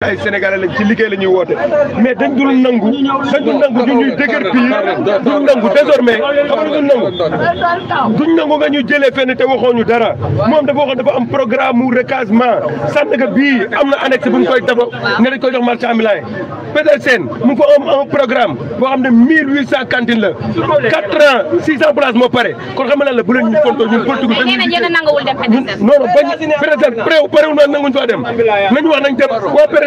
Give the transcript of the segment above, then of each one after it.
ay Sénégalais lañ ci liggéey la ñuy woote mais dañ dul nangu dañ ñuy dëgër piir nangu désormais xam duñ nangu duñ nangu nga ñu jëlee fenn te waxoo dara moom dafa waxoon dafa am programme mu recasement Sandaga bii am na annexe bu ñu koy dafa ne dañ mu ngi ko am un programme boo xam ne mille huit cent cantines la quatre ans six cent places nanguñu faa dem nañu wax nañ dem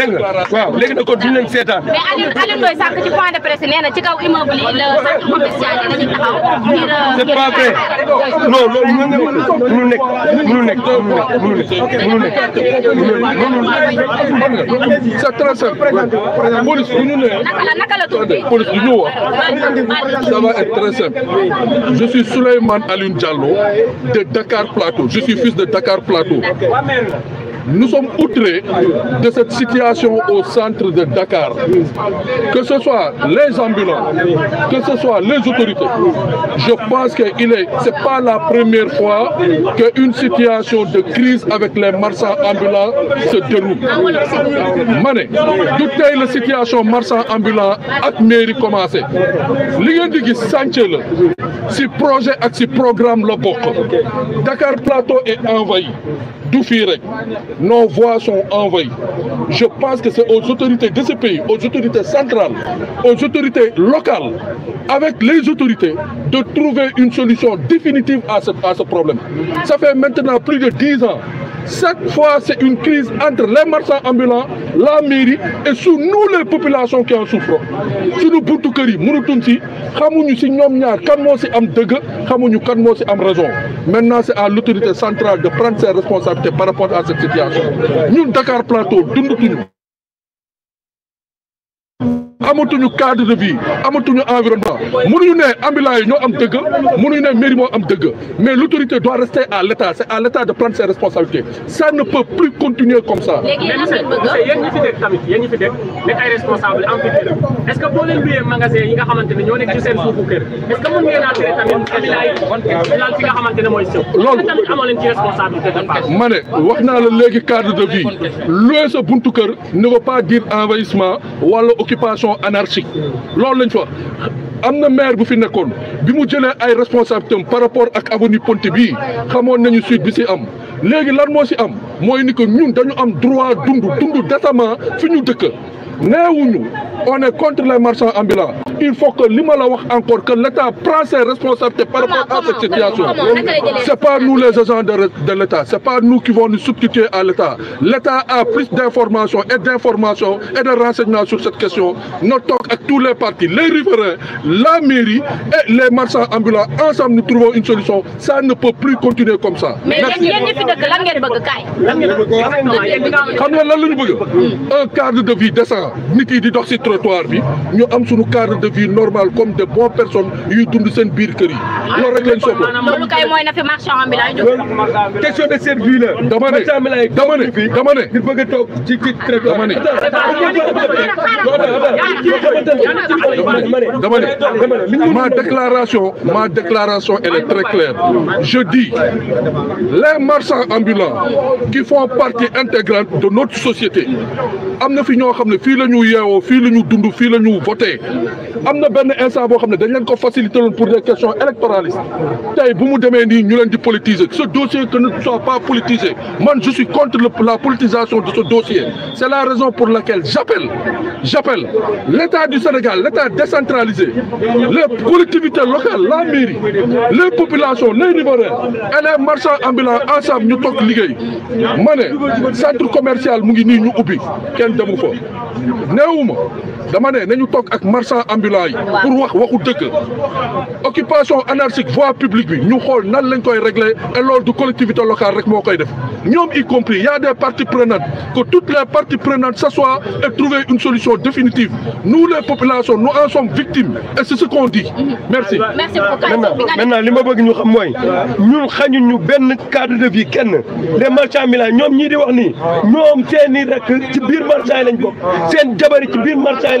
dégg nga waaw léegi nag kon duñ leen mais Aliou Aliou Ndoye sànq ci point de presse nee ci kaw immeuble yi la centre commercial dañu taxaw ngir. Euh, c'est pas vrai non loolu mënu nekk mënu nekk mënu nekk mënu nekk mënu nekk c'est très simple police du police ñu wax ça va être très simple je suis Souleymane Alioune Diallo de Dakar Plateau je suis fils de Dakar Plateau Nous sommes outrés de cette situation au centre de Dakar. Que ce soit les ambulants, que ce soit les autorités, je pense que ce n'est pas la première fois qu'une situation de crise avec les marchands ambulants se déroule. Mané, est la situation marchands ambulants a mairie si projet et programme le Dakar Plateau est envahi D'où nos voix sont envahies je pense que c'est aux autorités de ce pays aux autorités centrales aux autorités locales avec les autorités de trouver une solution définitive à ce ce problème ça fait maintenant plus de 10 ans Chaque fois, c'est une crise entre les marchands ambulants, la mairie et sur nous les populations qui en souffrent. Suñu buntu kër yi mënatuñ si xamuñu si ñoom ñaar kan moo si am dëgg xamuñu kan moo si am raison maintenant c'est à l'autorité centrale de prendre ses responsabilités par rapport à cette situation ñun Dakar Plateau dundatuñu amatuñu cadre de vie amatuñu environnement mënuñu ne ambulants yi ñoo am dëgg mënuñu ne mairie moo am dëgg mais l'autorité doit rester à l'état, état à l'état de prendre ses responsabilités ça ne peut plus continuer comme ça. léegi yéen ñi fi nekk tamit yéen ñi fi nekk nekk ay responsable am est ce que boo leen luyee magasin yi nga xamante ne ñoo nekk ci seen suufu kër est ce que mën ngeen a tere tamit ambulants yi laal fi nga xamante ne mooy sëw. loolu tamit amoo leen ci responsabilité de part. ma wax naa la cadre de vie louer sa buntu kër ne veut pas dire envahissement wala occupation anarchique loolu lañ fa am na maire bu fi nekkoon bi mu jëlee ay responsabilités par rapport ak avenue Ponty bii xamoon nañu suite bi si am léegi lan moo si am mooy ni que ñun dañu am droit dund dund décemment fi ñu dëkk neewuñu on est contre les marchands ambulants il faut que encore que l'État prend ses responsabilités par rapport à cette situation c'est pas nous les agents de, l'État c'est pas nous qui vont nous substituer à l'État l'État a plus d'informations et d'informations et de renseignements sur cette question notre talk tous les partis les riverains la mairie et les marchands ambulants ensemble nous trouvons une solution ça ne peut plus continuer comme ça hmm. un cadre de vie décent nit yi di dox ci trottoir cadre de vie normale comme des bonnes personnes yuy dund seen biir kër yi. loolu rek lañ soxla ah, marchand ambulant jóg. question de cette vie-là, ne dama ne dama ne. ñu bëgg a toog ci ci traitement. dama ne dama ma déclaration ma déclaration elle est très claire je dis les marchands ambulants qui font partie intégrante de notre société am na fi ñoo xam ne fii la ñu yeewoo fii la ñu dund fii la ñu il benn instant bo xamné dañ leen facilité pour des questions électoralistes tay bu mu ñu politiser ce dossier que ne soit pas politisé man je suis contre la politisation de ce dossier c'est la raison pour laquelle j'appelle j'appelle l'État du Sénégal l'État décentralisé les collectivités locales la mairie les populations les riverains et les marchands ambulants ensemble ñu tok ligue. mané centre commercial mu ngi nous ñu ubbi kenn demu fa néwuma dama ne nañu toog ak marchand ambulants yi pour wax waxu dëgg occupation anarchique voie publique nous ñu xool nan lañ koy régler et lors du collectivité locale rek moo koy def y compris il y a des parties prenantes que toutes les parties prenantes s'assoient et trouver une solution définitive nous les populations nous en sommes victimes et c'est ce qu'on dit merci maintenant li ma bëgg ñu xam nous ñun xañu ñu benn cadre de vie kenn les marchés ambulants ñoom Nous, di wax nii rek marchands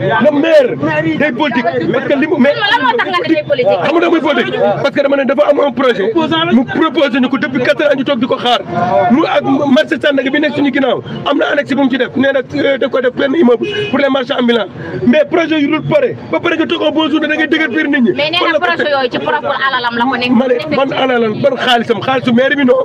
le maire day politique parce que li mu mais xam nga muy politique parce que dama ne dafa am projet mu proposé ñu ko depuis quatre ans toog di ko xaar mu ak marché bi nekk suñu ginnaaw am na annexe bu mu ci def nee euh, ko def plein immeuble pour les marchands ambulants mais projet yu dul pare ba pare nga toogoo bon jour da ngay dëgër biir nit ñi. mais nee alalam ban xaalisam xaalisu maire bi non.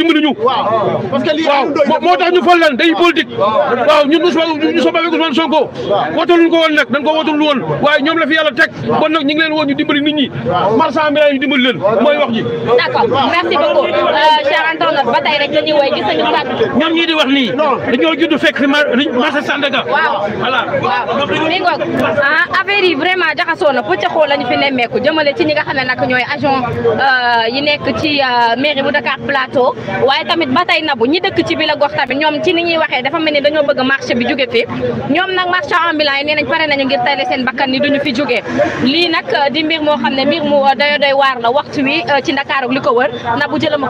dimbali ñu. waaw parce que lii moo tax ñu fol day politique. waaw ñun ñu ñu soog a Ousmane Sonko. waaw wotaluñ ko woon nag dañ ko wotalul woon waaye ñoom la fi yàlla teg. kon nag ñu ngi leen woon ñu dimbali nit ñi. waaw marchand bi la ñu dimbali leen mooy wax ji. d'accord merci beaucoup euh, cher internaute ba tey rek dañuy woy gis nañu kàddu. ñoom ñii di wax nii. dañoo judd fekk fi marché waaw mi ngoog ah affaire yi vraiment jaxasoo pëccëxoo lañu fi nemmeeku jëmale ci ñi nga xam ne nag ñooy agent euh, yi nekk euh, waaye tamit ba tey nabu ñi dëkk ci bi la gox tamit ñoom ci ni ñuy waxee dafa mel ni dañoo bëgg marché bi jóge fi ñoom nag marché ambulant yi nee nañ pare nañu ngir tayale seen bakkan ni duñu fi jógee lii nag di mbir moo xam ne mbir mu doyo waar la waxtu wi ci Ndakaaru li ko wër nabu jëlama